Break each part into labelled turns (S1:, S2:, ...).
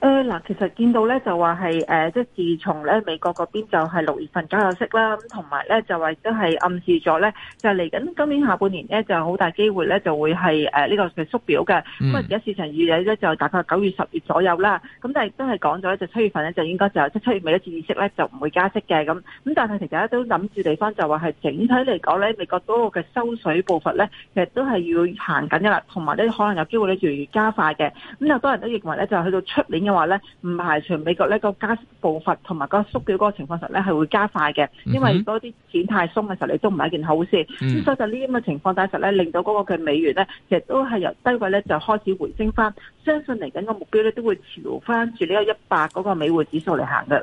S1: 嗱，嗯、其實見到咧就話係即係自從咧美國嗰邊就係六月份加有息啦，咁同埋咧就話都係暗示咗咧，就嚟、是、緊今年下半年咧就好大機會咧就會係呢、呃呢個嘅縮表嘅，咁而家市場預計咧就大概九月、十月左右啦。咁但係都係講咗，就七月份咧就應該就七月尾一次議息咧就唔會加息嘅咁。咁但係其實都諗住地方就話係整體嚟講咧，美國嗰個嘅收水步伐咧其實都係要行緊噶啦，同埋咧可能有機會咧越嚟越加快嘅。咁好多人都認為咧就去到出年話咧，唔排除美國咧個加息步伐同埋個縮表嗰個情況上咧係會加快嘅，因為嗰啲錢太鬆嘅時候，你都唔係一件好事。咁、mm hmm. 所以就呢啲咁嘅情況底下，實咧令到嗰個嘅美元咧，其實都係由低位咧就開始回升翻，相信嚟緊個目標咧都會調翻住呢個一百嗰個美匯指數嚟行嘅。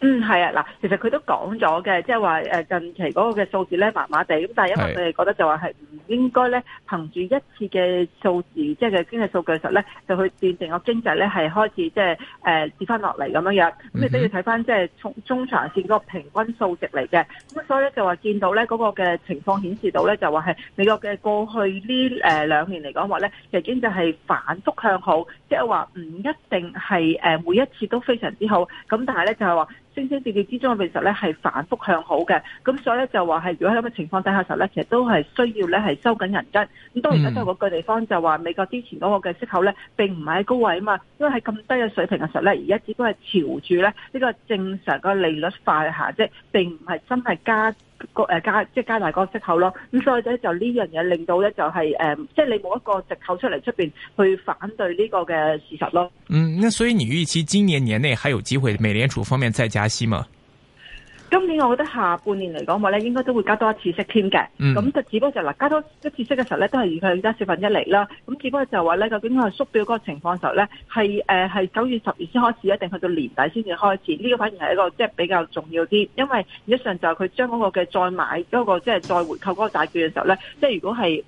S1: 嗯，係啊，嗱，其實佢都講咗嘅，即係話誒近期嗰個嘅數字咧麻麻地，咁但係因為佢哋覺得就話係唔應該咧憑住一次嘅數字，即係嘅經濟數據嘅時候咧，就去斷定個經濟咧係開始即係誒跌翻落嚟咁樣樣。咁你、嗯、哼都要睇翻即係中中長線嗰個平均數值嚟嘅，咁所以咧就話見到咧嗰、嗰個嘅情況顯示到咧就話係美國嘅過去、呃、兩呢誒兩年嚟講話咧，其實經濟係反覆向好，即係話唔一定係誒每一次都非常之好，咁但係咧就係話。星星點點之中嘅現實咧，係反覆向好嘅，咁所以咧就話係，如果喺咁嘅情況底下時候咧，其實都係需要咧係收緊銀根。咁當然而就都嗰個地方就話美國之前嗰個嘅息口咧並唔係高位啊嘛，因為喺咁低嘅水平嘅時候咧，而家只不過係朝住咧呢個正常嘅利率快下即係，並唔係真係加。個誒加即係加大個息口咯，咁所以咧就呢樣嘢令到咧就係誒，即係你冇一個藉口出嚟出邊去反對呢個嘅事實咯。嗯，
S2: 那所以你預期今年年內還有機會美聯儲方面再加息嘛？
S1: 今年我覺得下半年嚟講話咧，應該都會加多一次息添嘅。咁就、嗯、只不過就嗱，加多一次息嘅時候咧，都係以佢而家四分一嚟啦。咁只不過就話咧，究竟佢縮表嗰個情況時候咧，係誒係九月、十月先開始，一定去到年底先至開始。呢、這個反而係一個即係、就是、比較重要啲，因為一上就佢將嗰個嘅再買嗰、那個即係再回購嗰個債券嘅時候咧，即係如果係。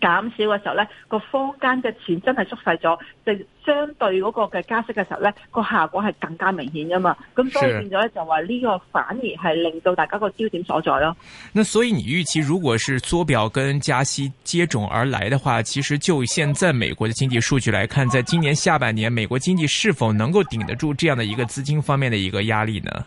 S1: 減少嘅時候，呢個坊間嘅錢真係縮細咗，就相對嗰個嘅加息嘅時候呢個效果係更加明顯噶嘛。咁所以變咗咧，就話呢個反而係令到大家個焦點所在咯。
S2: 那所以你預期，如果是縮表跟加息接踵而來的話，其實就現在美國嘅經濟數據來看，在今年下半年美國經濟是否能夠頂得住這樣的一個資金方面的一個壓力呢？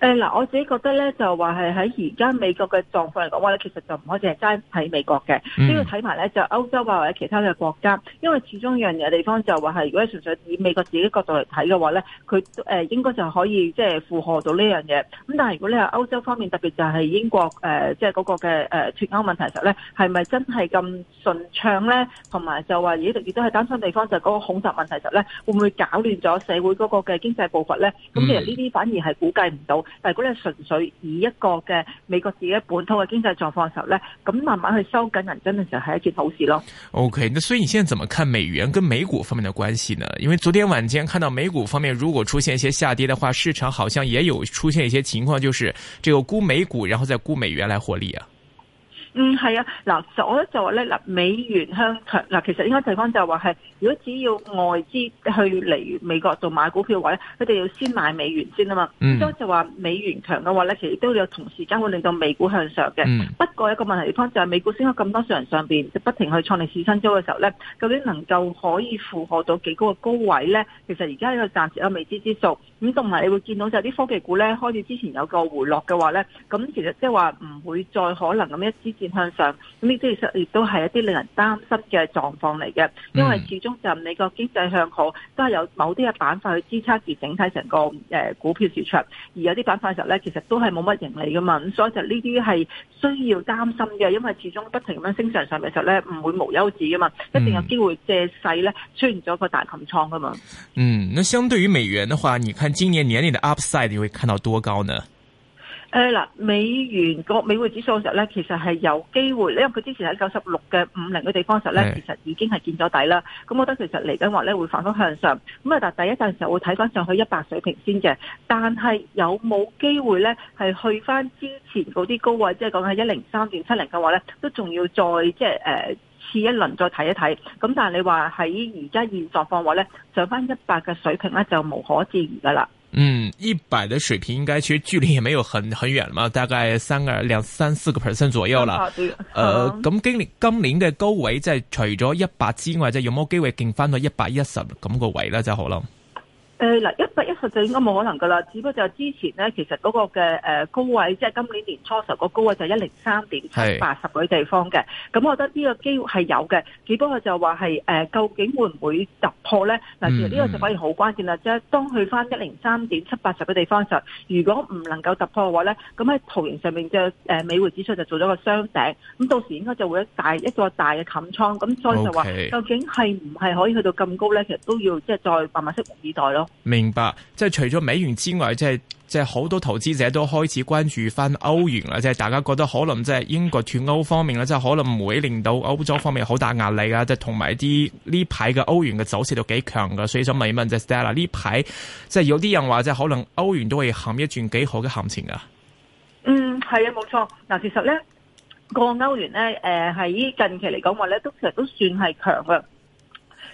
S1: 誒嗱、嗯，我自己覺得咧，就話係喺而家美國嘅狀況嚟講話咧，其實就唔可以淨係齋睇美國嘅，嗯、呢要睇埋咧就歐洲啊或者其他嘅國家，因為始終一樣嘢地方就話係，如果純粹以美國自己角度嚟睇嘅話咧，佢誒、呃、應該就可以即係負荷到呢樣嘢。咁但係如果你話歐洲方面，特別就係英國誒，即係嗰個嘅誒脱歐問題時候咧，係咪真係咁順暢咧？同埋就話而都係擔心地方就嗰個恐襲問題時候咧，會唔會搞亂咗社會嗰個嘅經濟步伐咧？咁、嗯、其實呢啲反而係估計唔到。但係如果你純粹以一個嘅美國自己本土嘅經濟狀況嘅時候咧，咁慢慢去收緊人真係就係一件好事咯。
S2: OK，那所以你現在怎麼看美元跟美股方面嘅關係呢？因為昨天晚間看到美股方面如果出現一些下跌嘅話，市場好像也有出現一些情況，就是這個沽美股，然後再沽美元來獲利啊。
S1: 嗯，係啊，嗱，我覺得就話咧，嗱，美元向強，嗱，其實應該地方就係話係，如果只要外資去嚟美國度買股票嘅話，佢哋要先買美元先啊嘛。咁、嗯、所以就話美元強嘅話咧，其實亦都有同時間會令到美股向上嘅。嗯、不過一個問題地方就係美股升咗咁多，上上邊不停去創歷史新高嘅時候咧，究竟能夠可以負荷到幾高嘅高位咧？其實而家呢個暫時有未知之數。咁同埋你會見到就係啲科技股咧，開始之前有個回落嘅話咧，咁其實即係話唔會再可能咁一支向上咁，呢啲其實亦都係一啲令人擔心嘅狀況嚟嘅，因為始終就你個經濟向好，都係有某啲嘅板塊去支撐住整體成個誒股票市場，而有啲板塊嘅時候咧，其實都係冇乜盈利噶嘛，咁所以就呢啲係需要擔心嘅，因為始終不停咁樣升上上嘅時候咧，唔會無休止噶嘛，一定有機會借勢咧出現咗個大擒倉噶嘛。嗯，
S2: 那相對於美元嘅話，你看今年年內嘅 upside 你會看到多高呢？
S1: 誒，嗱、哎，美元個美匯指數嘅時候咧，其實係有機會，因為佢之前喺九十六嘅五零嘅地方時候咧，的其實已經係見咗底啦。咁我覺得其實嚟緊話咧會反覆向上，咁啊但第一陣時候會睇翻上去一百水平先嘅，但係有冇機會咧係去翻之前嗰啲高位，即係講喺一零三點七零嘅話咧，都仲要再即係誒，次一輪再睇一睇。咁但係你話喺而家現狀況話咧，上翻一百嘅水平咧就無可置疑噶啦。
S2: 嗯，一百的水平應該其實距離也沒有很很遠嘛，大概三個兩三四個 percent 左右啦。呃，咁今年今年嘅高位即係除咗一百之外，即係有冇機會勁返到一百一十咁個位咧就可能。
S1: 誒嗱，一百一十就應該冇可能㗎啦，只不過就係之前咧，其實嗰個嘅誒、呃、高位，即係今年年初時候個高位就一零三點七八十嘅地方嘅。咁是我覺得呢個機會係有嘅，只不過就話係誒，究竟會唔會突破咧？嗱、嗯，其實呢個就可以好關鍵啦，即係當去翻一零三點七八十嘅地方時候，如果唔能夠突破嘅話咧，咁喺圖形上面就誒美匯指數就做咗個雙頂，咁到時應該就會大一個大嘅冚倉。咁所以就話，Okay. 究竟係唔係可以去到咁高咧？其實都要即係再慢慢拭目以待咯。
S2: 明白，即係除咗美元之外，即係即係好多投資者都開始關注翻歐元啦。即係大家覺得可能即係英國脫歐方面咧，即係可能唔會令到歐洲方面好大壓力啊。即係同埋啲呢排嘅歐元嘅走勢都幾強噶，所以想問一問即係 Stella，呢排即係有啲人話即係可能歐元都會行一轉幾好嘅行情噶。嗯，
S1: 係啊，冇錯。嗱，其實咧個歐元咧，誒、呃、喺近期嚟講話咧，都其實都算係強噶。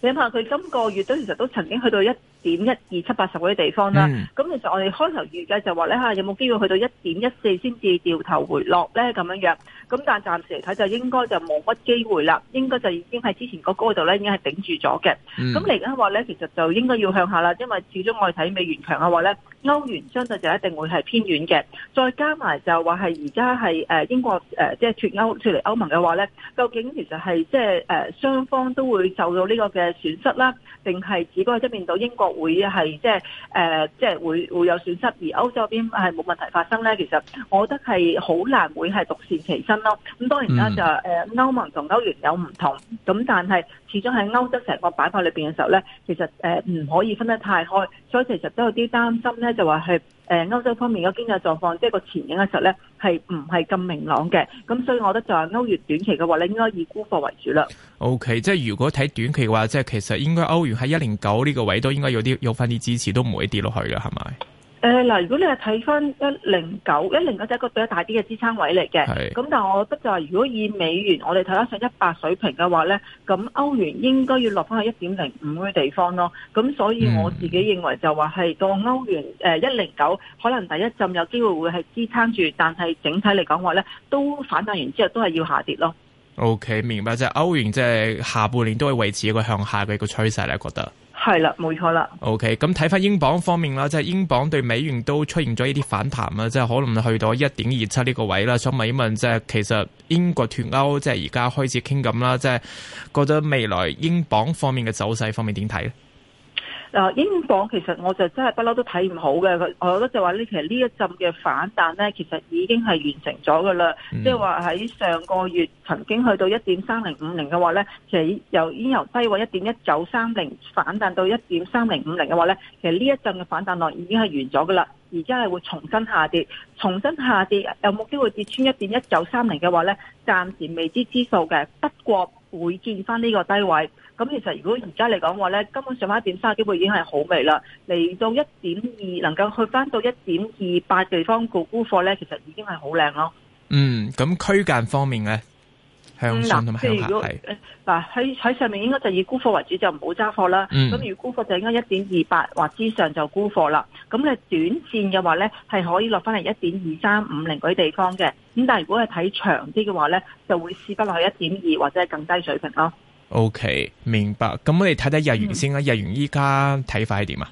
S1: 你諗下，佢今個月都其實都曾經去到一。點一二七八十嗰啲地方啦，咁、嗯嗯、其實我哋開頭預計就話咧吓有冇機會去到一點一四先至掉頭回落咧咁樣樣，咁但暫時嚟睇就應該就冇乜機會啦，應該就已經喺之前個高度咧已經係頂住咗嘅。咁嚟緊話咧，其實就應該要向下啦，因為始終我哋睇美元強嘅話咧，歐元相對就，就一定會係偏軟嘅。再加埋就話係而家係誒英國誒即係脱歐脱離歐盟嘅話咧，究竟其實係即係誒雙方都會受到呢個嘅損失啦，定係只不過一面倒英國。會係即係誒，即、呃、係會會有損失，而歐洲邊係冇問題發生咧。其實我覺得係好難會係獨善其身咯。咁當然啦、就是，就誒歐盟同歐元有唔同，咁但係始終喺歐洲成個板塊裏邊嘅時候咧，其實誒唔、呃、可以分得太開，所以其實都有啲擔心咧，就話係。誒，歐、呃、洲方面嘅經濟狀況，即係個前景嘅時候咧，係唔係咁明朗嘅，咁所以我覺得就係歐元短期嘅話咧，你應該以沽貨為主啦。O、
S2: okay, K，即係如果睇短期嘅話，即係其實應該歐元喺一零九呢個位都應該有啲有翻啲支持，都唔會跌落去嘅，係咪？
S1: 誒，嗱、呃，如果你係睇翻一零九一零九，就係一個比較大啲嘅支撐位嚟嘅，咁係但係我覺得就係如果以美元，我哋睇翻上一百水平嘅話咧，咁歐元應該要落翻去一點零五嘅地方咯。咁所以我自己認為就話係當歐元誒一零九可能第一陣有機會會係支撐住，但係整體嚟講話咧，都反彈完之後都係要下跌咯。
S2: OK，明白歐就係歐元即係下半年都係維持一個向下嘅一個趨勢咧，覺得。係啦，冇錯啦。OK，咁睇翻英鎊方面啦，即係英鎊對美元都出現咗一啲反彈啊，即係可能去到一點二七呢個位啦。想問一問，即係其實英國脫歐即係而家開始傾咁啦，即係覺得未來英鎊方面嘅走勢方面點睇？
S1: 嗱，英鎊其實我就真係不嬲都睇唔好嘅，我覺得就話呢，其實呢一陣嘅反彈呢，其實已經係完成咗㗎啦。即係話喺上個月曾經去到一點三零五零嘅話呢，其實由已經由低位一點一九三零反彈到一點三零五零嘅話呢，其實呢一陣嘅反彈浪已經係完咗㗎啦，而家係會重新下跌，重新下跌有冇機會跌穿一點一九三零嘅話呢？暫時未知之數嘅，不過，會見翻呢個低位，咁其實如果而家嚟講話咧，根本上翻一點三嘅機會已經係好微啦，嚟到一點二，能夠去翻到一點二八地方個沽貨咧，其實已經係好靚咯。嗯，
S2: 咁區間方面咧？嗱，即係、嗯、
S1: 如果嗱喺喺上面應該就以沽貨為主，就唔好揸貨啦。咁如果沽貨就應該一點二八或之上就沽貨啦。咁你短線嘅話咧，係可以落翻嚟一點二三五零嗰啲地方嘅。咁但係如果係睇長啲嘅話咧，就會試不落去一點二或者係更低水平咯。
S2: OK，明白。咁我哋睇睇日元先啦。嗯、日元依家睇法係點啊？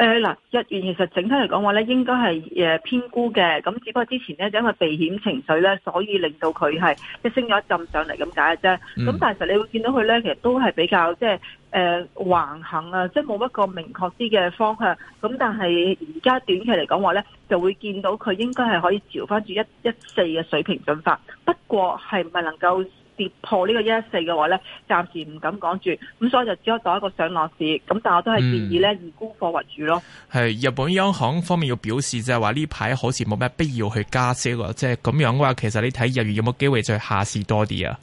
S1: 誒嗱，一月、呃、其實整體嚟講話咧，應該係、呃、偏沽嘅，咁只不過之前咧，因為避險情緒咧，所以令到佢係一升咗一陣上嚟咁解嘅啫。咁、嗯、但係其實你會見到佢咧，其實都係比較即係誒橫行啊，即係冇一個明確啲嘅方向。咁但係而家短期嚟講話咧，就會見到佢應該係可以調翻住一一四嘅水平進發。不過係唔係能夠跌破呢個一一四嘅話咧，暫時唔敢講住，咁所以就只可做一個上落市。咁但係我都係建議咧，以沽貨為主咯。
S2: 係、嗯、日本央行方面要表示就係話呢排好似冇咩必要去加息咯，即係咁樣嘅話，其實你睇日月有冇機會再下市多啲啊？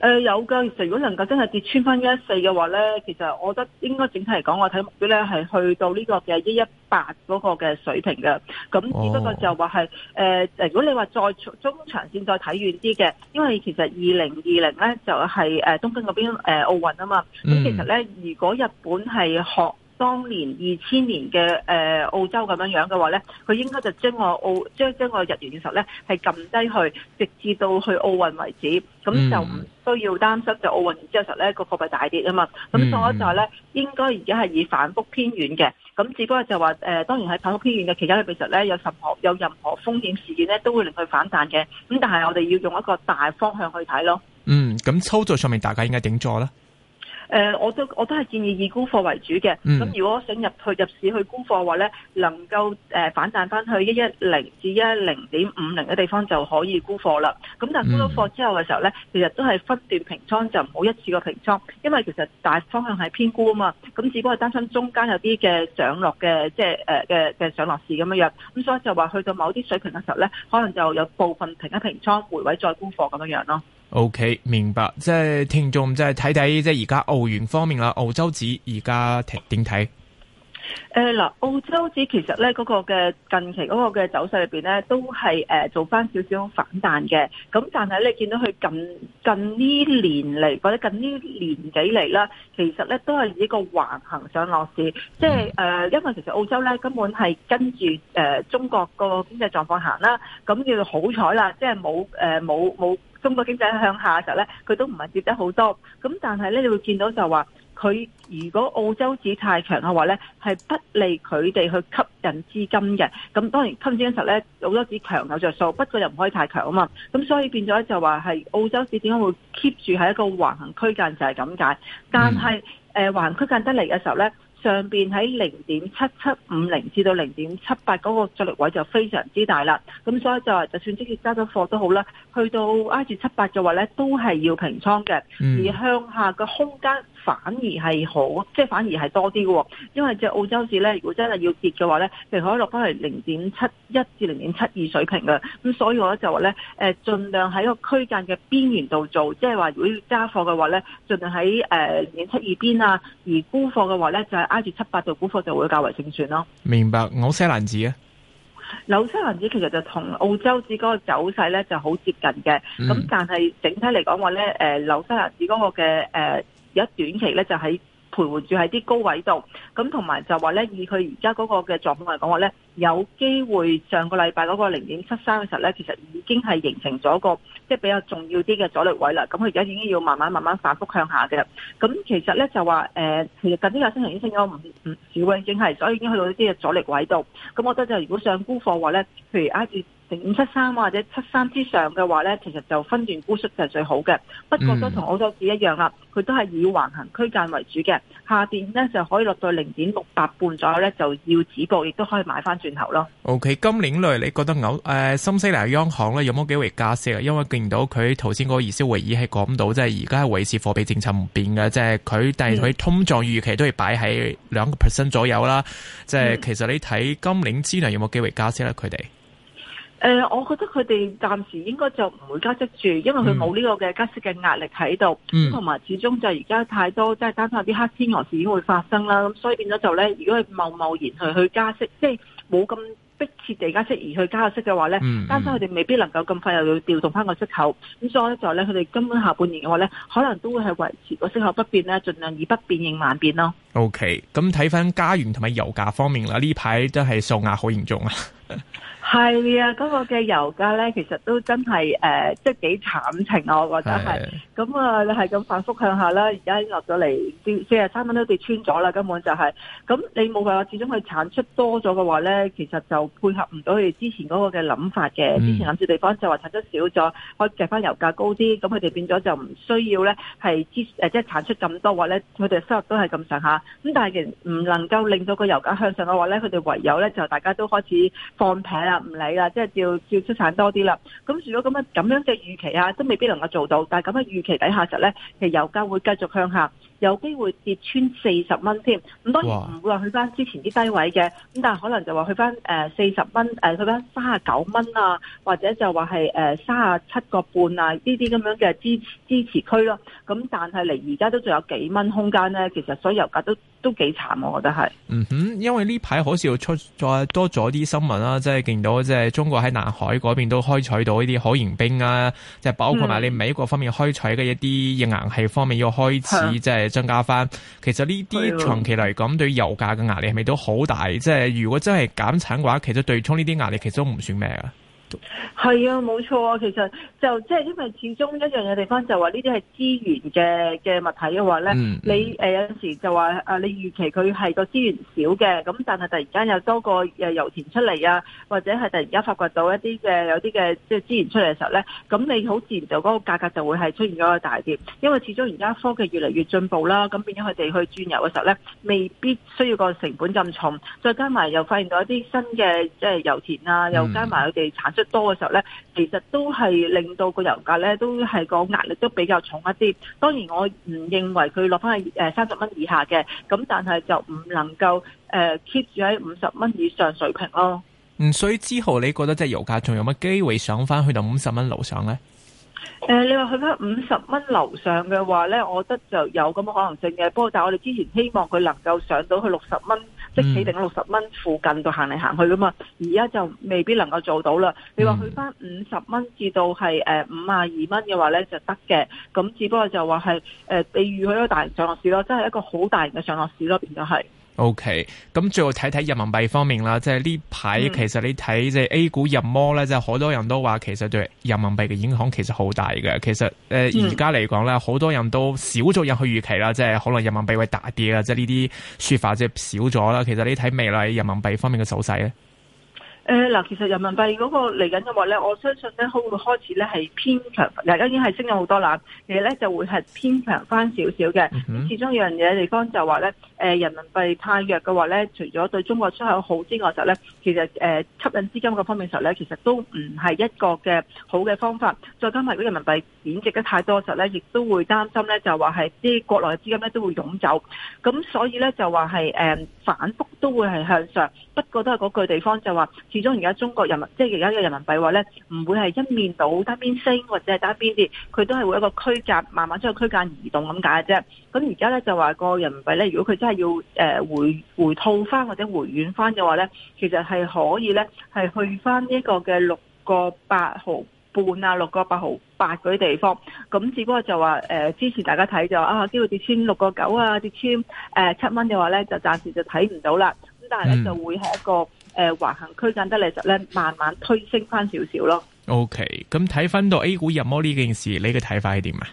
S1: 誒、呃、有㗎，其實如果能夠真係跌穿返14嘅話呢，其實我覺得應該整體嚟講，我睇目標呢係去到呢個嘅118嗰個嘅水平嘅，咁只不過就話係誒如果你話再中長線再睇遠啲嘅，因為其實2020呢就係、是、誒、呃、東京嗰邊誒奧運啊嘛，咁、嗯、其實呢，如果日本係學。當年二千年嘅誒澳洲咁樣樣嘅話咧，佢應該就將我澳將將我日元嘅時候咧係撳低去，直至到去奧運為止，咁就唔需要擔心就奧運之後時候咧個貨幣大跌啊嘛。咁所以就話咧，應該而家係以反覆偏遠嘅，咁只不過就話誒、呃，當然喺反覆偏遠嘅期間裏面，其實咧有有任何風險事件咧，都會令佢反彈嘅。咁但係我哋要用一個大方向去睇咯。嗯，
S2: 咁操作上面大家應該點做咧？
S1: 誒、呃，我都我都係建議以沽貨為主嘅。咁如果想入去入市去沽貨嘅話咧，能夠、呃、反彈翻去一一零至一一零點五零嘅地方就可以沽貨啦。咁但係沽咗貨之後嘅時候咧，其實都係分段平倉，就唔好一次過平倉，因為其實大方向係偏沽啊嘛。咁只不過係擔心中間有啲嘅上落嘅，即係嘅嘅上落市咁樣樣。咁所以就話去到某啲水平嘅時候咧，可能就有部分停一平倉，回位再沽貨咁樣樣囉。咯。
S2: O、okay, K，明白，即係聽眾，即係睇睇，即係而家澳元方面啦，澳洲紙而家點睇？
S1: 誒，嗱、呃，澳洲指其實咧，嗰、那個嘅近期嗰個嘅走勢裏邊咧，都係誒、呃、做翻少少反彈嘅。咁但係咧，見到佢近近呢年嚟，或者近呢年幾嚟啦，其實咧都係呢個橫行上落市。即係誒，因為其實澳洲咧根本係跟住誒、呃、中國個經濟狀況行啦。咁要好彩啦，即係冇誒冇冇中國經濟向下嘅時候咧，佢都唔係跌得好多。咁但係咧，你會見到就話。佢如果澳洲指太強嘅話呢，係不利佢哋去吸引資金嘅。咁當然吸引資嘅時候呢，澳洲指強有著數，不過又唔可以太強啊嘛。咁所以變咗就話係澳洲指點解會 keep 住喺一個橫行區間就係咁解。但係誒、呃、橫行區間得嚟嘅時候呢，上邊喺零點七七五零至到零點七八嗰個阻力位就非常之大啦。咁所以就話就算直接揸咗貨都好啦，去到挨住七八嘅話呢，都係要平倉嘅。而向下嘅空間。反而係好，即係反而係多啲嘅。因為隻澳洲紙咧，如果真係要跌嘅話咧，其實可以落翻係零點七一至零點七二水平嘅。咁所以我咧就話咧，誒、呃，儘量喺個區間嘅邊緣度做，即係話如果要加貨嘅話咧，儘量喺誒零點七二邊啊。而沽貨嘅話咧，就係挨住七八度，沽貨，就會較為正算咯。
S2: 明白。紐西蘭紙啊，
S1: 紐西蘭紙其實就同澳洲紙嗰個走勢咧就好接近嘅。咁、嗯、但係整體嚟講話咧，誒、呃、紐西蘭紙嗰個嘅誒。呃而家短期咧就喺徘徊住喺啲高位度，咁同埋就話咧，以佢而家嗰個嘅狀況嚟講話咧，有機會上個禮拜嗰個零點七三嘅時候咧，其實已經係形成咗個即係比較重要啲嘅阻力位啦。咁佢而家已經要慢慢慢慢反復向下嘅。咁其實咧就話誒，其實近呢個星期已經升咗五五少，五已經係，所以已經去到呢啲嘅阻力位度。咁我覺得就如果上沽貨話咧，譬如啊零五七三或者七三之上嘅話咧，其實就分段沽出就係最好嘅。不過都同澳洲市一樣啦，佢都係以橫行區間為主嘅。下邊咧就可以落到零點六八半左右咧就要止步，亦都可以買翻轉頭咯。
S2: O、okay, K，今年來你覺得牛誒，新、呃、西蘭央行咧有冇機會加息啊？因為見到佢頭先嗰個二消會議係講到，即係而家維持貨幣政策唔變嘅，即係佢但係佢通脹預期都係擺喺兩個 percent 左右啦。嗯、即係其實你睇今年之內有冇機會加息咧？佢哋。
S1: 誒、呃，我覺得佢哋暫時應該就唔會加息住，因為佢冇呢個嘅加息嘅壓力喺度。同埋，嗯、始終就而家太多，即係擔心有啲黑天鵝事件會發生啦。咁所以變咗就咧，如果佢貿貿然去去加息，即係冇咁迫切地加息而去加息嘅話咧，加息佢哋未必能夠咁快又要調動翻個息口。咁，嗯、所以咧就咧，佢哋根本下半年嘅話咧，可能都會係維持個息口不變咧，盡量以不變應萬變咯。
S2: OK，咁睇翻加元同埋油價方面啦，呢排真係受壓好嚴重啊。
S1: 係啊，嗰個嘅油價咧，其實都真係誒、呃，即係幾慘情我覺得係。咁啊的、呃，你係咁反覆向下啦。而家落咗嚟跌四廿三蚊都跌穿咗啦，根本就係、是。咁你冇辦法，始終佢產出多咗嘅話咧，其實就配合唔到佢之前嗰個嘅諗法嘅。之前諗住地方就話產出少咗，可以返翻油價高啲。咁佢哋變咗就唔需要咧，係支即係產出咁多話咧，佢哋收入都係咁上下。咁但係其實唔能夠令到個油價向上嘅話咧，佢哋唯有咧就大家都開始放平唔理啦，即係叫出產多啲啦。咁如果咁啊咁樣嘅預期啊，都未必能夠做到。但係咁嘅預期底下實咧，其實油價會繼續向下，有機會跌穿四十蚊添。咁當然唔會話去翻之前啲低位嘅，咁嘩但係可能就話去翻誒四十蚊，誒去翻三啊九蚊啊，或者就話係誒三啊七個半啊呢啲咁樣嘅支持支持區咯。咁但係嚟而家都仲有幾蚊空間咧，其實所有油價都。都
S2: 幾慘，我覺得係。嗯哼，因為呢排好似出再多咗啲新聞啦、啊，即係見到即係中國喺南海嗰邊都開採到呢啲可燃冰啊，即、就、係、是、包括埋你美國方面開採嘅一啲頁岩氣方面要開始即係增加翻。嗯、其實呢啲長期嚟講對油價嘅壓力係咪都好大？即係如果真係減產嘅話，其實對沖呢啲壓力其實都唔算咩㗎。
S1: 係啊，冇錯啊。其實就即係因為始終一樣嘅地方就話呢啲係資源嘅嘅物體嘅話咧，嗯嗯，你誒有陣時就話誒你預期佢係個資源少嘅，咁但係突然間有多個誒油田出嚟啊，或者係突然間發掘到一啲嘅有啲嘅即係資源出嚟嘅時候咧，咁你好自然就嗰個價格就會係出現咗個大跌，因為始終而家科技越嚟越進步啦，咁變咗佢哋去鑽油嘅時候咧，未必需要個成本咁重，再加埋又發現到一啲新嘅即係油田啊，又加埋佢哋產。得多嘅時候呢，其實都係令到個油價呢，都係個壓力都比較重一啲。當然我唔認為佢落翻去誒三十蚊以下嘅，咁但係就唔能夠誒 keep 住喺五十蚊以上水平咯。嗯，
S2: 所以之後你覺得即係油價仲有乜機會上翻去到五十蚊樓上呢？誒、
S1: 呃，你話去翻五十蚊樓上嘅話呢，我覺得就有咁嘅可能性嘅。不過但係我哋之前希望佢能夠上到去六十蚊。嗯、即企定六十蚊附近度行嚟行去噶嘛，而家就未必能夠做到啦。你去話去翻五十蚊至到係誒五廿二蚊嘅話咧就得嘅，咁只不過就話係誒你遇咗大型上落市咯，即係一個好大型嘅上落市咯，變咗係。
S2: O K，咁最後睇睇人民幣方面啦，即係呢排其實你睇即係 A 股入魔咧，即係好多人都話其實對人民幣嘅影響其實好大嘅。其實而家嚟講咧，好多人都少咗人去預期啦，即係可能人民幣會大跌啦，即係呢啲說法即係少咗啦。其實你睇未來人民幣方面嘅走勢咧？嗱、呃，其實人民幣
S1: 嗰個嚟緊嘅話咧，我相信咧，佢會開始咧係偏強，嗱已經係升咗好多啦。其實咧就會係偏強翻少少嘅。嗯哼，始終有樣嘢地方就話咧。誒人民幣太弱嘅話咧，除咗對中國出口好之外時呢，實咧其實誒吸引資金嘅方面的時候咧，其實都唔係一個嘅好嘅方法。再加埋如果人民幣貶值得太多時候咧，亦都會擔心咧，就話係啲國內嘅資金咧都會湧走。咁所以咧就話係反覆都會係向上，不過都係嗰句地方就話，始終而家中國人民即係而家嘅人民幣話咧，唔會係一面倒，單邊升或者單邊跌，佢都係會一個區間，慢慢將個區間移動咁解啫。咁而家咧就話個人民幣咧，如果佢真係係要誒回回套翻或者回軟翻嘅話咧，其實係可以咧，係去翻一個嘅六個八毫半啊，六個八毫八嗰啲地方。咁只不過就話誒，之前大家睇就啊，機會跌穿六個九啊，跌穿誒七蚊嘅話咧，就暫時就睇唔到啦。咁但係咧就會係一個誒橫、呃、行區間得嚟就咧，慢慢推升翻少少咯。
S2: O K，咁睇翻到 A 股入摩呢件事，你嘅睇法係點啊？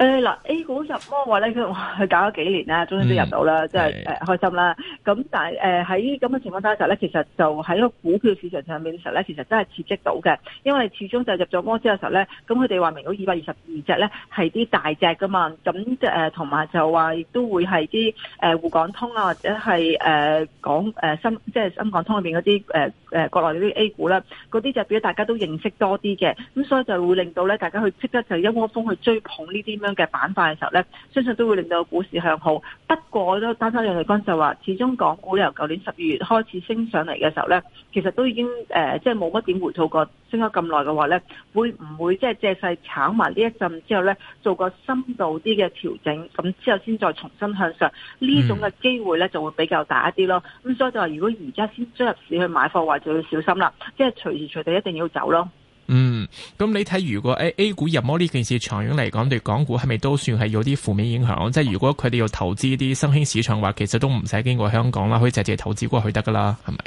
S1: 誒嗱、呃、A 股入摩話咧，佢佢搞咗幾年啦，終於都入到啦，即係誒開心啦。咁但係誒喺咁嘅情況底下咧，其實就喺個股票市場上面嘅時候咧，其實真係刺激到嘅，因為始終就係入咗摩之後嘅時候咧，咁佢哋話明股二百二十二隻咧係啲大隻噶嘛，咁即係誒同埋就話亦都會係啲誒滬港通啊或者係誒港誒深即係深港通入邊嗰啲誒誒國內嗰啲 A 股啦，嗰啲就表示大家都認識多啲嘅，咁所以就會令到咧大家去即刻就一窩蜂，蜂去追捧呢啲咩。嘅板塊嘅時候咧，相信都會令到股市向好。不過都，丹沙楊利軍就話，始終港股由舊年十二月開始升上嚟嘅時候咧，其實都已經誒、呃，即係冇乜點回吐過，升咗咁耐嘅話咧，會唔會即係借勢炒埋呢一陣之後咧，做個深度啲嘅調整，咁之後先再,再重新向上？呢種嘅機會咧就會比較大一啲咯。咁所以就話，如果而家先進入市去買貨話，就要小心啦，即係隨時隨地一定要走咯。
S2: 咁你睇如果 A A 股入魔呢件事長遠嚟講，對港股係咪都算係有啲負面影響？即係如果佢哋要投資啲新興市場嘅話，其實都唔使經過香港啦，可以直接投資過去得噶啦，係咪？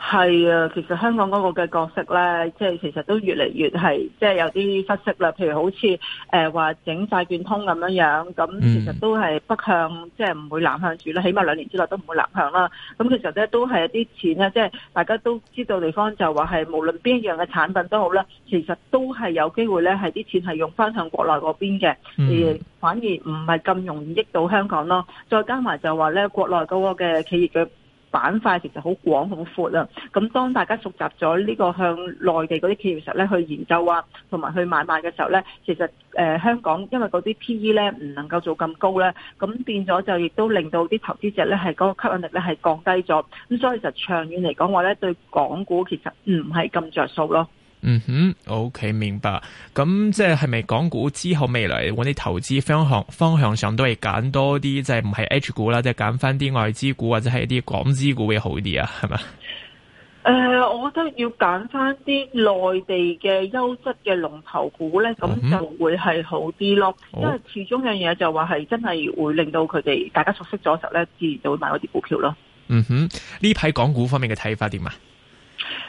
S1: 係啊，其實香港嗰個嘅角色咧，即係其實都越嚟越係，即係有啲失色啦。譬如好似誒話整債券通咁樣樣，咁其實都係北向，即係唔會南向住啦。起碼兩年之內都唔會南向啦。咁其實咧都係一啲錢咧，即係大家都知道地方就話係無論邊一樣嘅產品都好啦，其實都係有機會咧，係啲錢係用翻向國內嗰邊嘅，而反而唔係咁容易益到香港咯。再加埋就話咧，國內嗰個嘅企業嘅。板塊其實好廣好闊啊，咁當大家熟習咗呢個向內地嗰啲企業實咧去研究啊，同埋去買賣嘅時候咧，其實誒、呃、香港因為嗰啲 PE 咧唔能夠做咁高咧，咁變咗就亦都令到啲投資者咧係嗰個吸引力咧係降低咗，咁所以就長遠嚟講話咧對港股其實唔係咁着數咯。
S2: 嗯哼，OK，明白。咁即係係咪港股之後未來搵啲投資方向方向上都係揀多啲，即係唔係 H 股啦，即係揀翻啲外資股或者係一啲港資股會好啲啊？係咪？誒、
S1: 呃，我覺得要揀翻啲內地嘅優質嘅龍頭股咧，咁就會係好啲咯。因為，嗯、哼始終樣嘢就話係真係會令到佢哋大家熟悉咗時候咧，自然就會買嗰啲股票咯。
S2: 嗯哼，呢排港股方面嘅睇法點啊？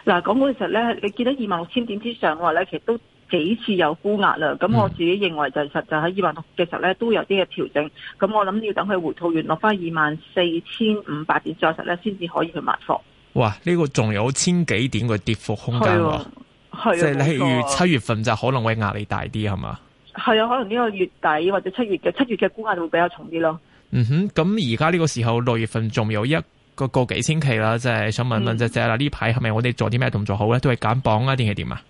S1: 嗱，講到其實咧，你見到二萬六千點之上嘅話咧，其實都幾次有沽壓啦。咁我自己認為就是實就喺二萬六嘅時候咧，都有啲嘅調整。咁、嗯、我諗要等佢回吐完，落翻二萬四千五百點再實咧，先至可以去買貨。
S2: 哇！呢、這個仲有千幾點嘅跌幅空間喎、
S1: 啊？係即係例如七月
S2: 份就可能會壓力大啲，係嘛？
S1: 係啊，可能呢個月底或者七月嘅七月嘅沽壓就會比較重啲咯。嗯哼，
S2: 咁而家呢個時候六月份仲有一。個個幾星期啦，即係想問問即係啦，嗯、這不呢排係咪我哋做啲咩動作好咧？都係減磅啊？定係點啊？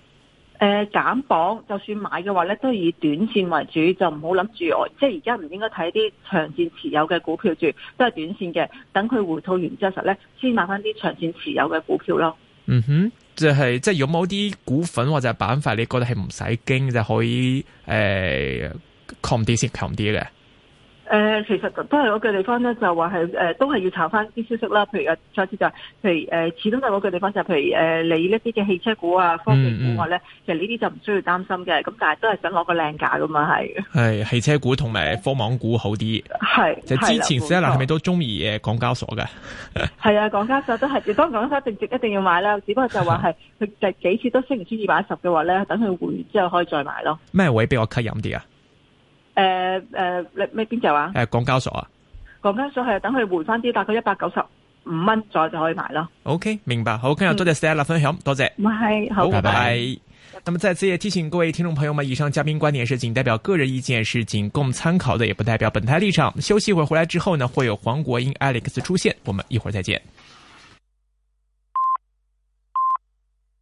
S1: 誒、呃，減磅就算買嘅話咧，都係以短線為主，就唔好諗住外，即係而家唔應該睇啲長線持有嘅股票住，都係短線嘅，等佢回吐完之後實咧，先買翻啲長線持有嘅股票咯。嗯
S2: 哼，就是、即係即係有冇啲股份或者板塊你覺得係唔使驚就可以誒
S1: 抗跌性強啲嘅？呃誒、呃，其實都係嗰個地方咧，就話係誒，都係要查翻啲消息啦。譬如啊，再次就是、譬如誒、呃，始終就係嗰個地方就是、譬如誒、呃，你呢啲嘅汽車股啊，科技股話、啊、咧，嗯嗯、其實呢啲就唔需要擔心嘅。咁但係都係想攞個靚價噶嘛，係。
S2: 係、哎、汽車股同埋科網股好啲。
S1: 係、嗯。之前 s i l 係咪都
S2: 中意誒港交所嘅？
S1: 係 啊，港交所都係，當然港交一定值一定要買啦。只不過就話係佢就幾次都升唔升二百一十嘅話咧，等佢回之後可以再買咯。
S2: 咩位俾我吸引啲啊？
S1: 誒誒，你咩
S2: 邊隻啊？誒，港交所啊，港交
S1: 所係等佢回翻啲，大概一百九十五蚊
S2: 左右就可以買咯。OK，明白。好、okay, 嗯，今日多謝 Stella 分享，多謝。唔係、嗯，
S1: 好，oh, 拜，拜，拜拜。
S2: 那麼再次也提醒各位聽眾朋友們，以上嘉賓觀點是僅代表個人意見，是僅供參考的，也不代表本台立場。休息會回來之後呢，會有黃國英 Alex 出現，我們一會兒再見。